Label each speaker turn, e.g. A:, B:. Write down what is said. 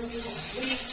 A: いい